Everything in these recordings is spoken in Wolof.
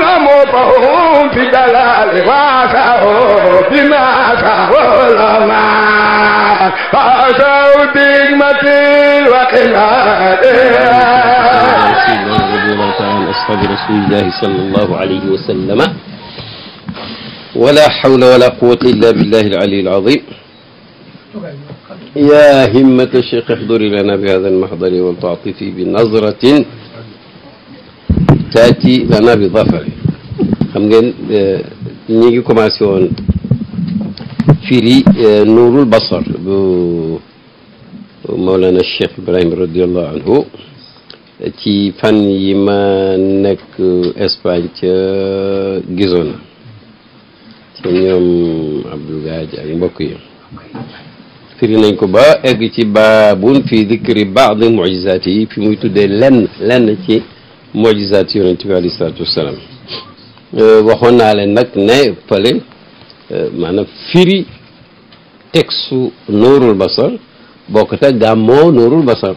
في بما بنعمة وقناعة أصحاب رسول الله صلى الله عليه وسلم ولا حول ولا قوة إلا بالله العلي العظيم يا همة الشيخ احضري لنا بهذا المحضر ولتعطفي بنظرة taati lana bi dafari xam ngeen eh, ñi ngi commencé woon firi eh, nuurul basar bu Mawlana Cheikh Ibrahim radiallahu anhu ci fan yi ma nekk Espagne ca Gizona ci ñoom Abdou Gaaj ak mbokk yi firi nañ ko ba egg ci baabun fii dikri baadi mujizaati yi fi muy tuddee lenn lenn ci mojisaat yonent bi euh, waxoon naa leen nag ne fële euh, maanaam firi textu nuurul basar bokkut ak gàmmoo nuurul basar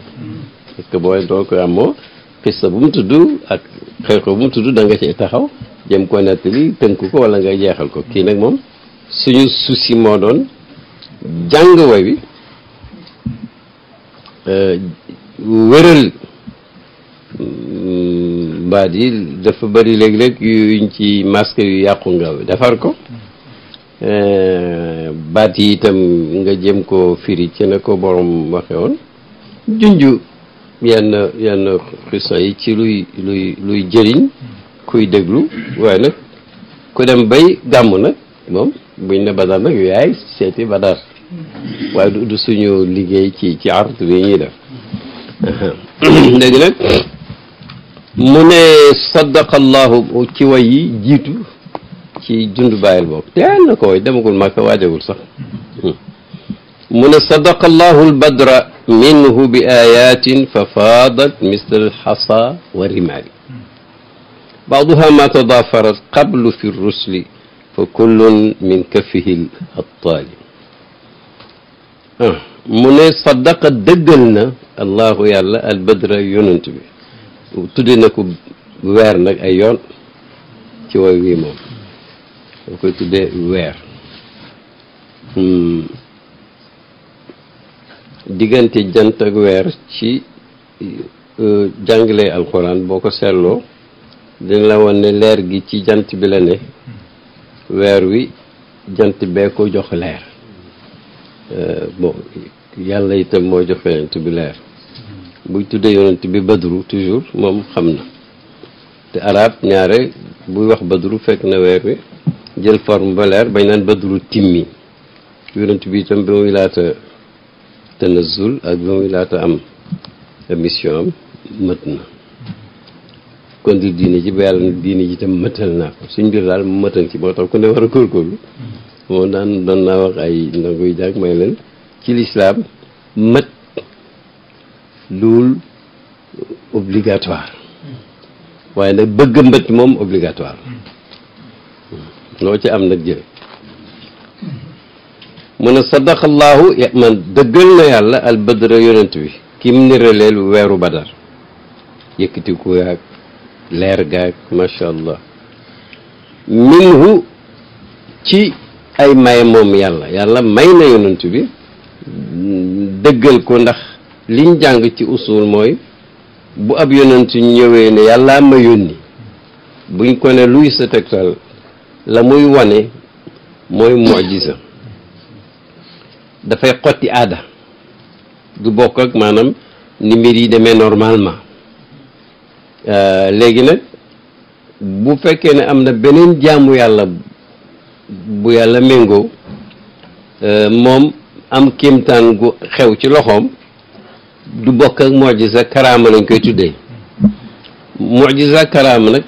parce que booy doo ko gàmmoo xista bu mu tudd ak xew-xew bu mu tudd da nga cee taxaw jëm ko nettali tënk ko wala ngay jeexal ko kii nag moom suñu souci moo doon jàng way wi euh, wëral Euh, baat yi dafa bari léeg-léeg yuñ ci masque yu yàqu nga defar ko euh, baat yi itam nga jëm ko firi ci na ko borom waxewoon woon yenn yenn xisa yi ci luy luy luy jëriñ kuy déglu waaye nag ku dem bay gàmm nag moom buñ ne badar nag yaay seeti badar waaye du suñu liggéey ci ci art ñuy def léegi nag mu ne sadaqallahu ci way yi jiitu ci jundu bàyyil boobu teel na ko way demagul màkka waajagul sax mu ne sadaqallahu albadra minhu bi ayatin fa faadat misl alxasa wa rimaali baaduha ma tadaafarat qablu fi rusli fa kullun min kafihi alxattaali ah, mu ne sadaqa dëggal na allahu yàlla albadra yonent bi tudde na ko weer nag ay yoon ci woy wii moom daf koy tuddee weer hmm. diggante jant ak weer ci euh, jàngale alxuraan boo ko seetloo dina la ne leer gi ci jant bi la ne weer wi jant bee ko jox leer euh, yàlla itam moo jox yonent bi leer buy tudd yonent bi badru toujours moom xam na te arab ñaare buy wax badru fekk na weer wi jël forme ba leer bañ naan badru timmi yonent bi itam bi muy laata tanazul ak bi muy laata am émission am mët na kon di diine ji ba yàlla ne diine ci tam mëtal naa ko suñ biir daal mëtal ci moo tax ku ne war a góorgóorlu moom daan doon naa wax ay ndanguy jàng may leen ci lislaam mët luul obligatoire waaye nag bëgg mbëcc moom obligatoire loo ci am nag jël mu ne sadaqallahu man dëggal na yàlla al badra yonent bi kim niraleel weeru badar yëkkatiku yaag leer gaag macha allah minhu ci ay maye mom yàlla yàlla may na yonent bi dëggal ko ndax liñ jàng ci usul mooy bu ab yonent ñëwee ne yàllaa ma yónni buñ ko ne luy sa tegtal la muy wane mooy jisa dafay xotti aada du bokk ak maanaam ni mbir yi demee normalement euh, léegi nag bu fekkee ne am na beneen jaamu yàlla bu yàlla méngoo euh, moom am kéemtaan gu xew ci loxoom du bokk ak mojisa karaama lañ koy tuddee mojisa karaama nag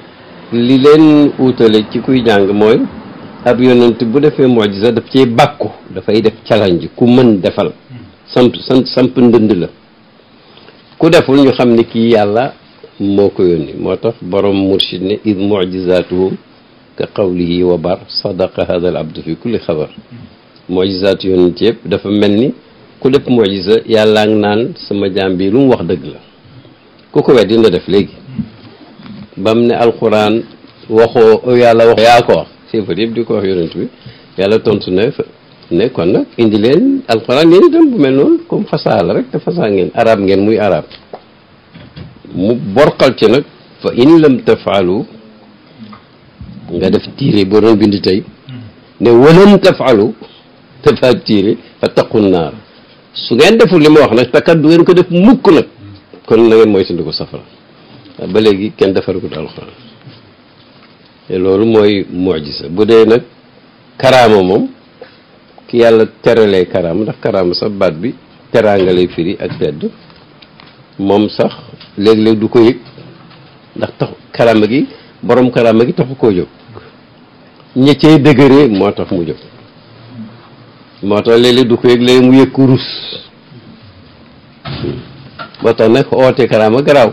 li leen wutale ci kuy jàng mooy ab yonent bu defee mojisa daf cee bàkku dafay def challenge ku mën defal samp samp samp ndënd la ku deful ñu xam ne kii yàlla moo ko yónni moo tax borom murshid ne id mojisatuhum ka qawlihi wa bar sadaqa hada al abdu fi kulli xabar mojisatu yonent yëpp dafa mel ni ku lépp mojisa yàllaa ngi naan sama jaam bi lu mu wax dëgg la ku ko weddi dina def léegi bam ne alxuraan waxoo yàlla wax yaa ko wax siifar yëpp di ko wax yonent bi yàlla tontu ne ne kon nag indi leen alxuraan yéen itam bu mel noonu comme fasaa rek te fasaa ngeen arab ngeen muy arab mu borxal ci nag fa in lam tafaalu nga def tiire boo doon bind tey ne walam tafaalu dafa tiire fa taqu naar su ngeen deful li ma wax nag te du ngeen ko def mukk nag kon na mooy mooy tindi ko safara ba léegi kenn defaru ko alxuraan te loolu mooy mujisa bu dee nag karaama moom ki yàlla teralee karaama ndax karaama sax baat bi teraanga lay firi ak tedd moom sax léeg-léeg du ko yëg ndax tax karaama gi boroom karaama gi taxu koo jóg ña cay dëgëree moo tax mu jóg moo tax léeg du ko yëg léeg mu yëg ku rus moo tax nag oote karaama garaaw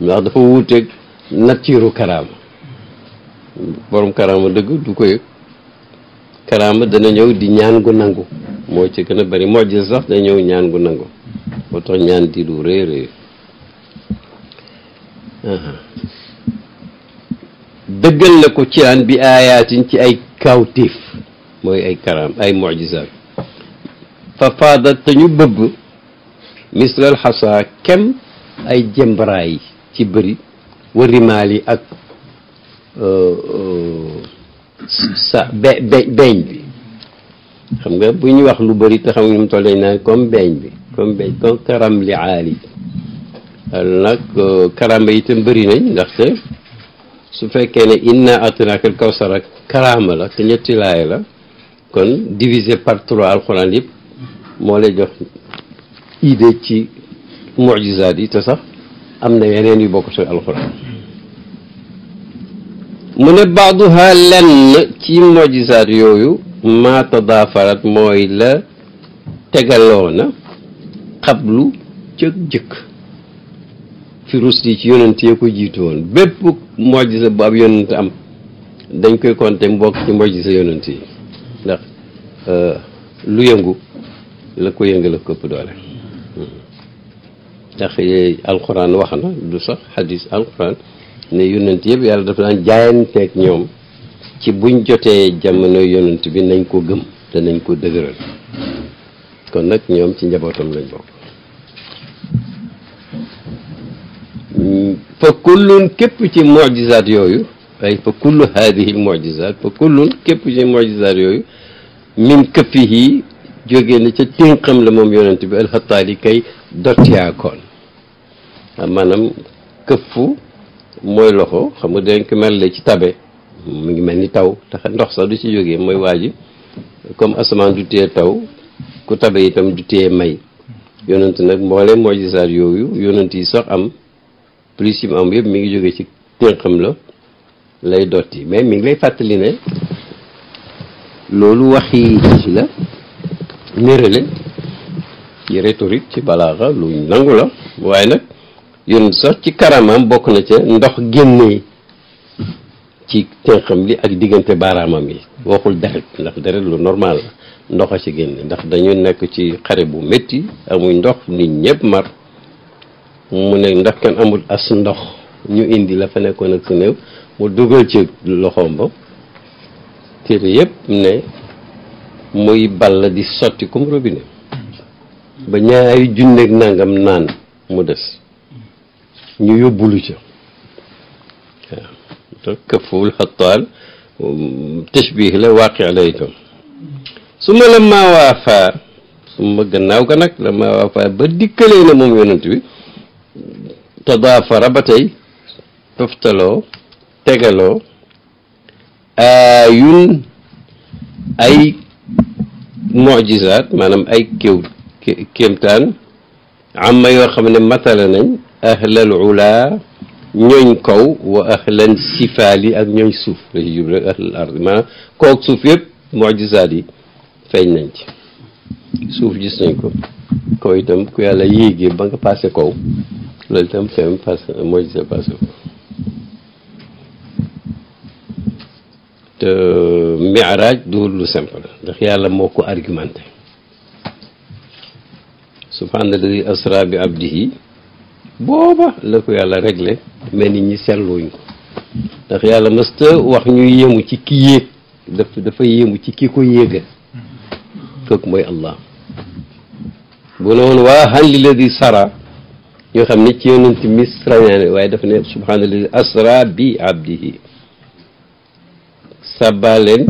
ndax dafa wuuteeg nattiiru karaama borom karaama dëgg du ko yëg karaama dana ñëw di ñaan gu nangu moo ñëw ñaan gu nangu moo tax ñaan di lu rëy rëy dëggal la ko ci aan bi aayaatin ci ay kawtéef mooy ay karaam ay mujizaat fa faadat te ñu bëbb mislal xasaa kem ay jëmbaraay ci bëri wa rimaal ak euh, euh, sa be beeñ bi xam nga bu ñuy wax lu bëri te xam nga mu toll naan comme beeñ bi comme beeñ comme karam li aali nag euh, karama itam bëri nañ ndaxte su fekkee ne inna atinakal kawsara karama la te ñetti laay la kon divisé par alxuraan yëpp moo lay jox idée ci mujizaat yi te sax am na yeneen yu bokk ci alxuraan mu ne baaduha lenn ci mujizaat yooyu maa tadaafarat mooy la tegaloona xablu cëg jëkk fi rus yi ci yonent yee ko jiitu woon bépp mujisa bu ab yonent am dañ koy compter mbokk ci mujisa yonent yi Euh, lu yëngu la ko yëngale këpp doole ndax alxuraan wax na du sax xadis alxuraan ne yonent yëpp yàlla dafa daan jaayanteeg ñoom ci buñ jotee jamono yonent bi nañ ko gëm te ko dëgëral kon nag ñoom ci njabootam lañ ko fa kullun képp ci mujizaat yooyu ay fa kullu haadihi mujizaat fa kullun képp ci mujizaat yooyu min këffihi jóge na ca tinqam la moom yonent bi yi kay dottiyaakoon ah, maanaam këffu mooy loxo xam nga dañ ko mel ci tabe mu ngi mel ni taw tax ndox sax du ci jógee mooy waa ji comme asamaan du téye taw ku tabe itam du téye may yonent nag mbooleem mujjizaat yooyu yonent yi sax am plus yi mu am yëpp mi ngi jóge ci tinqam la lay dotti mais mi ngi lay fàttali ne loolu waxi la nérale ci rhétorique ci balaaxa lu nangu la waaye nag yoon sax ci karamam bokk na ca ndox génnee ci tenqam li ak diggante baaraamam yi waxul deret ndax deret lu normal la ndox a ci génne ndax dañu nekk ci xare bu metti amuy ndox nit ñëpp mar mu ne ndax kenn amul as ndox ñu indi la fa nekkoon ak sa néew mu dugal ci loxoom téere yépp ne muy ball di sotti comme robinet ba ñaari junneeg nangam naan mu des ñu yóbbulu ca waaw donc këful xataal tashbih la waaqi la itam su ma la maa su ma gannaaw ga nag la maa waafaa ba dikkalee na moom yonent bi tadaafara ba tey toftaloo tegaloo aayun ay mujizaat maanaam ay kéw kéemtaan amma yoo xam ne matala nañ ahlal ulaa kaw wa ahlan sifaali ak ñooñ suuf la ci jublu ahlal ard maanaam kaw ak suuf yëpp yi feeñ nañ ci suuf gis nañ ko kaw itam ku yàlla yéegee ba nga passé kaw loolu itam feeñ passé mujisa passé ko معراج دول لو سامبل داخ يالا موكو ارغومنتي سبحان الذي اسرى بعبده بوبا لاكو يالا ريغلي ملي ني سيلو نكو داخ يالا مست واخ ني ييمو تي كي ييك داف دافا ييمو تي كي كو ييغا فك موي الله بولون وا هل الذي سرى يو خامني تي يونتي ميسرا واي داف ني سبحان الذي اسرى بعبده sàbbaa leen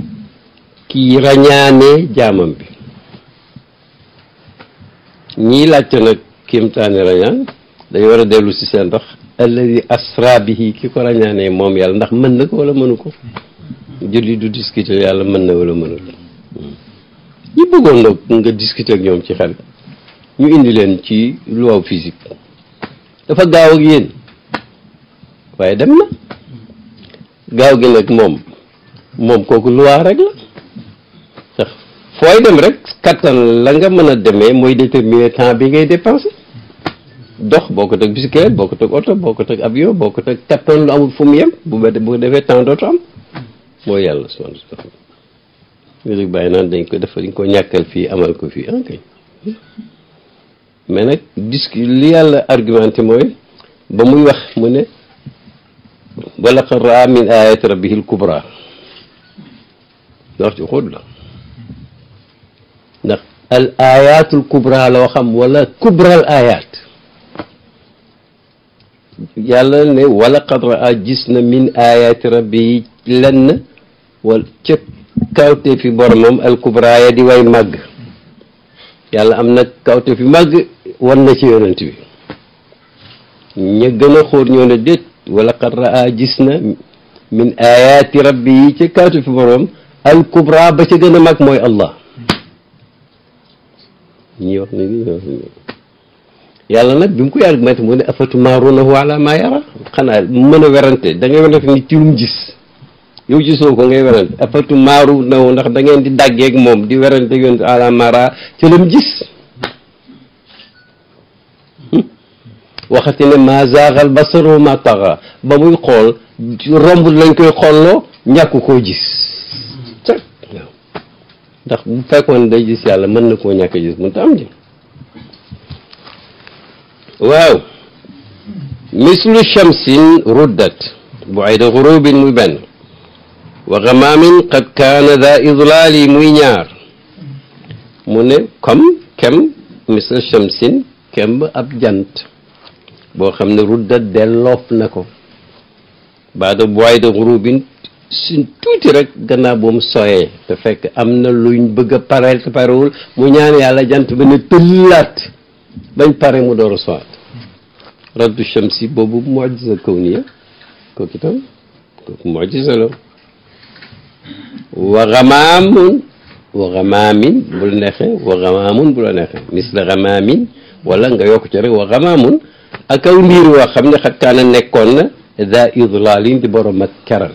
kii rañaane jaamam bi ñii laajte nag kéemtaane rañaan dañu war a dellu si seen ndax alladi asra bihi ki ko rañaanee moom yàlla ndax mën na ko wala mënu ko julli du discuter yàlla mën na wala mënul ñi bëggoon nag nga discuter ñoom ci xel ñu indi leen ci loi physique dafa gaaw ak yéen waaye dem na gaaw gi nag moom moom kooku loi rek la fooy dem rek kattan la nga mën a demee mooy déterminer temps bi ngay dépensé dox boo ko teg bicyclette boo ko teg oto boo ko teg avion boo ko teg kattan lu amul fu mu yem bu ba bu defee temps dootu am mooy yàlla subhanahu wa taala musique naan dañ ko def dañ ko ñàkkal fii amal ko fii ankay ah, mais nag disque li yàlla argumenté mooy ba muy wax mu ne wa laqad raa min ayati rabbihil kubra wax ci xóot la ndax al ayatul kubra loo xam wala kubral ayat yàlla ne wala qadra a gis na min ayati rabbi yi lenn wala ca kawte fi boromam al kubra ya di way màgg yàlla am na kawte fi màgg wan na ci yonent bi ña gën a xóor ñoo ne déet wala qadra a gis min ayati rabbi yi ca kawte fi borom al kubra ba ci gën a mag mooy allah yàlla nag bi mu koy argumenté mu ne afatumaaruunahu ala maa yara xanaa mën a werante da ngay werante ni ci lu mu gis yow gisoo ko ngay werante afatumaaruunahu ndax da ngeen di dàggeeg moom di werante yoon ala mara ci lu mu gis waxati ne maa zaaxal basaru maa taxa ba muy xool romb lañ koy xolloo ñàkk koo gis ndax bu fekkoon day gis yàlla mën na koo ñàkk gis mënta am ji waaw mislu shamsin ruddat bu ay da xurubin muy benn wa gamaamin qad kaana da idlaali muy ñaar mu ne comme kem mislu shamsin kem ab jant boo xam ne ruddat delloof na ko baada bu ay da xurubin suñ tuuti rek gannaaw bu mu soyee te fekk am na luñ bëgg a pareel te parewul mu ñaan yàlla jant bi ne tëllaat bañ pare mu door a soyaat raddu shamsi boobu mojisa kawniya kooku itam kooku mojisa la wa gamaamun wa gamaamin bu la neexee wa gamaamun bu la neexee misla gamaamin wala nga yokk ci rek wa gamaamun ak aw niir waa xam ne xat kaana nekkoon na daa idlaalin di borom ak keral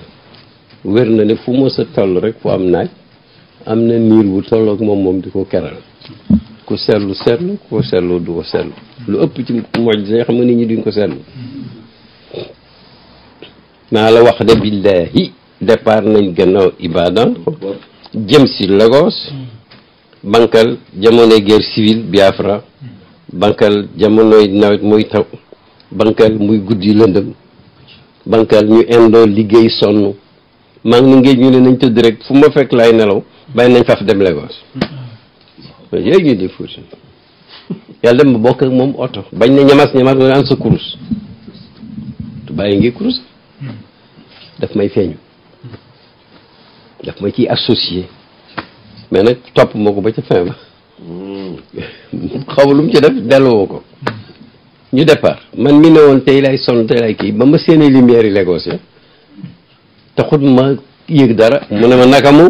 wér na ne fu mu sa toll rek fu am naaj am na niir bu tollook moom moom di ko keral ku seetlu seetlu ku ko seetlu du ko seetlu lu ëpp ci moj sañ xam nga nit ñi duñ ko seetlu naa la wax de billaahi départ nañ gannaaw Ibadan jëm si Lagos bankal jamonoy guerre civile Biafra bankal jamonoy nawet muy taw bankal muy guddi lëndëm bankal ñu indoo liggéey sonn maa ngi ngéej ñu ne nañ tëdd rek fu ma fekk laay nelaw bàyyi nañ faf dem Lagos mm-hmm. yooyu ñu di fuuti yàlla dem bokk ak moom oto bañ ne ñamas ñamas mu ne sa kurus tu bàyyi ngi kurus mm-hmm. daf may feeñu daf ma ci associé mais nag topp moo ko ba ca fin ba mm-hmm. xaw lu mu ci def delloo ko ñu départ man mi ne woon tey lay sonn tey lay kii ba ma séenee lumière yi Lagos ya taxut ma yëg dara mu ne ma naka ma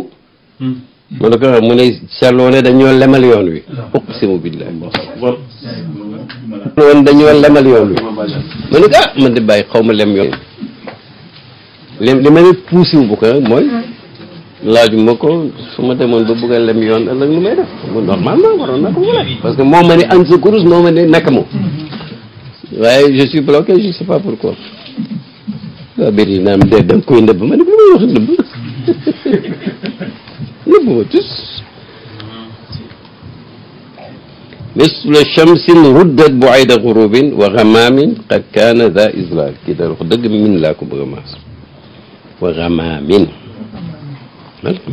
hmm. ne ko mu ne seetloo ne dañoo lemal yoon wi hmm. uqsimu billahi hmm. woon dañoo lemal yoon wi ma ne ko ah man de bàyyi xaw ma lem yoon lem li ma ne puusiwu bu ko nag mooy laaju ma ko su ma demoon ba bëgg a lem yoon ëllëg lu may def bu normalement waroon na ko mu parce que moo ma ne an kurus moo ma ne naka mu waaye je suis bloqué je sais pas pourquoi نعم، مثل شمس ردت بعيد غروب وغمام قد كان ذا إزلال كده خدق من لكم غمام وغمام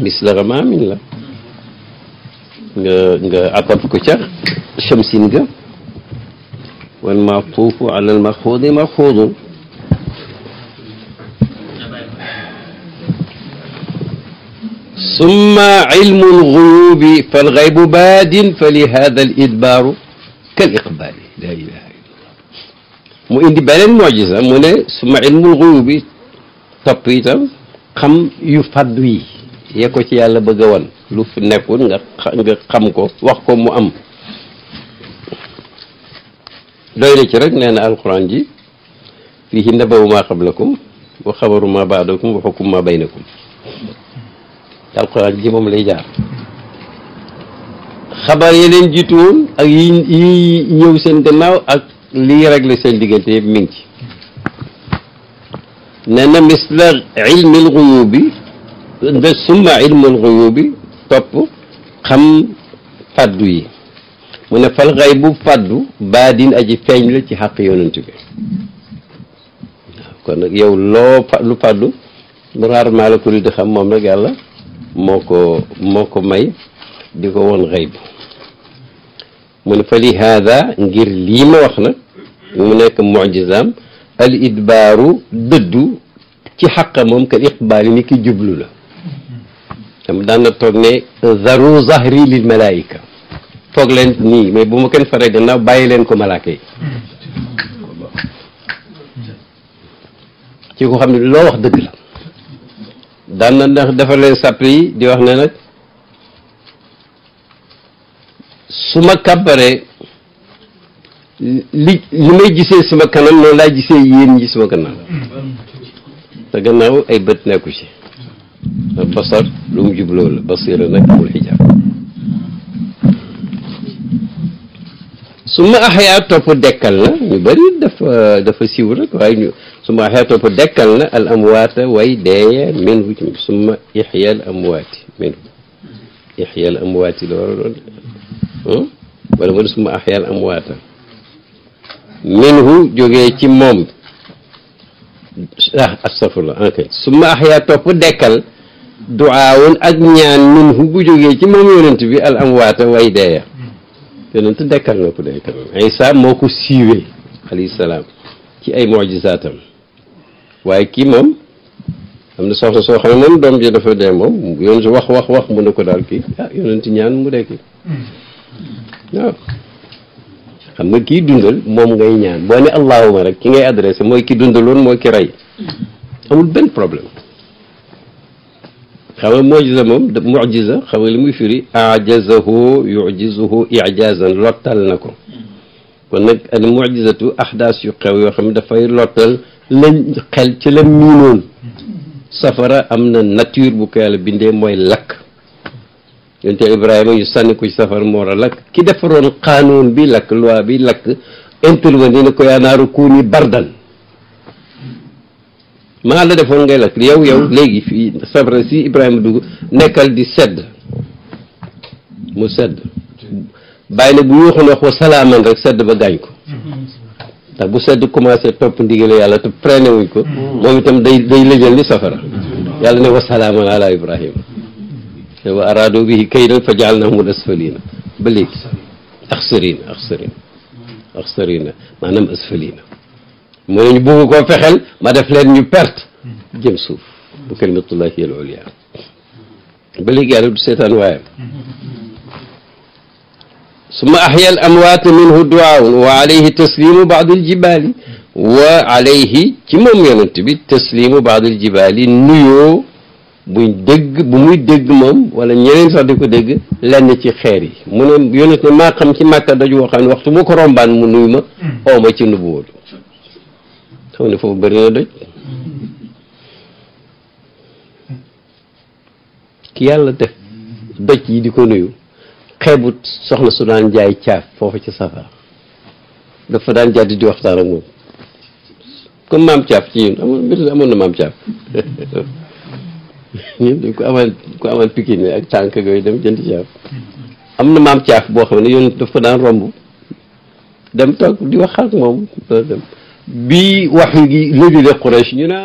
مثل غمام لا أطف كتر شمس والمعطوف على المخوض مخوض ثم علم الغيوب فالغيب باد فلهذا الإدبار كالإقبال لا إله إلا الله مؤدي بلن معجزة من ثم علم الغيوب تبيتا كم يفدوي يكو تي يالا بغا وان لو في نيكون nga nga xam ko wax ko mu am doy na ci rek nee alquran ji fihi nabawu ma qablakum wa khabaru ma ba'dakum wa hukmu ma bainakum alxuraan ji moom lay jaar xabaar yi leen jiitu ak yi yi ñëw seen gannaaw ak lii réglé seen diggante yëpp mi ngi ci nee na misla ilmil topp xam faddu yi mu ne fal xay bu faddu baadin aji feeñ la ci xàq yonent bi kon nag yow loo lu faddu rarement la ko di xam moom la yàlla moo ko moo ko may di ko woon xëy bu mu ne fa li haada ngir lii ma wax nag mu nekk mujizaam al idbaaru dëddu ci xaqa moom kal iqbaali ni ki jublu la dama daan na toog ne zaru zahri lil malaayika toog leen nii mais bu ma kenn faree gannaaw bàyyi leen ko malaaka yi ci ko xam ne loo wax dëgg la daan na ndax defar leen sàpp yi di wax ne nag su ma kàbbaree li li may gisee suma kanam noonu laa gisee yéen ñi suma gannaaw te gannaaw ay bët nekku ci basar lu mu jubloo la basira nag amul xijaab su ma axayaa topp dekkal la ñu bëri dafa dafa siiw rek waaye ñu summa xeetoopu dekkal na al amwaata way deeye minhu ci summa ixyal amwaati minhu ixyal amwaati la war a doon wala mu ne summa axyal amwaata minhu jógee ci moom ah astafurlah ok summa axyaa topp dekkal duaawun ak ñaan minhu bu jógee ci moom yonent bi al amwaata way deeya yonent dekkal na ko dekkal Isa moo ko siiwee alayhi salaam ci ay mujisaatam waaye kii moom am na soxna soo xam ne moom doom ji dafa dee moom yoon si wax wax wax mu ne ko daal kii ah yonent ñaan mu dekki hmm. waaw xam nga kii dundal moom ngay ñaan boo ne allahuma rek ki ngay adressé mooy kii dundaloon mooy ki rey hmm. amul benn problème xam nga mujisa moom mujisa xam nga li muy firi ajazahu yujizuhu ijazan lottal na ko hmm. kon nag al yu xew yoo xam ne dafay lottal lañ xel ci la miinoon safara am na nature bu ko yàlla bindee mooy lakk yonte Ibrahima ñu sànni ko ci safara moo war lakk ki defaroon xaanuun bi lakk loi bi lakk intervenir ne ko yaa naaru kuuni bardan maa la defoon ngay lakk yow yow léegi fii safara si Ibrahima dugg nekkal di sedd mu sedd bàyyi na bu yuuxoon wax wa salaaman rek sedd ba gaañ ko ndax bu sedd commencé topp ndigalu yàlla te prene wuñ ko moom itam day day lëjal ni safara yàlla ne wasalaaman ala ibrahima te wa araado bihi kaydan fa jaalnahum asfalina ba léegi axsarina axsarina axsarina maanaam asfalina mu ne ñu bugg koo fexel ma def leen ñu perte jëm suuf bu kalimatullahi al ulia ba léegi yàlla du seetaan waayam summa ahya al amwaat minhu duaaun wa alayhi taslimu baad al jibaali wa alayhi ci moom yonent bi taslimu baad al jibaali nuyoo buy dégg bu muy dégg moom wala ñeneen sax di ko dégg lenn ci xeer yi mu ne yonent ne maa xam ci màkka doj woo xam ne waxtu mu ko rombaan mu nuyu ma oo ma ci nubu wóolu xam ne foofu bëri na doj ki yàlla def doj yi di ko nuyu xeebut soxna su daan jaay caaf foofu ci safara dafa daan jàdd di waxtaan ak moom comme maam caaf ci yéen amoon na maam caaf ñun dañ ko amaan ko amaan pikin ne ak tànk yooyu dem jënd caaf am na maam caaf boo xam ne yoon daf ko daan romb dem toog di wax ak moom bii wax gi léegi de Quraysh ñu naa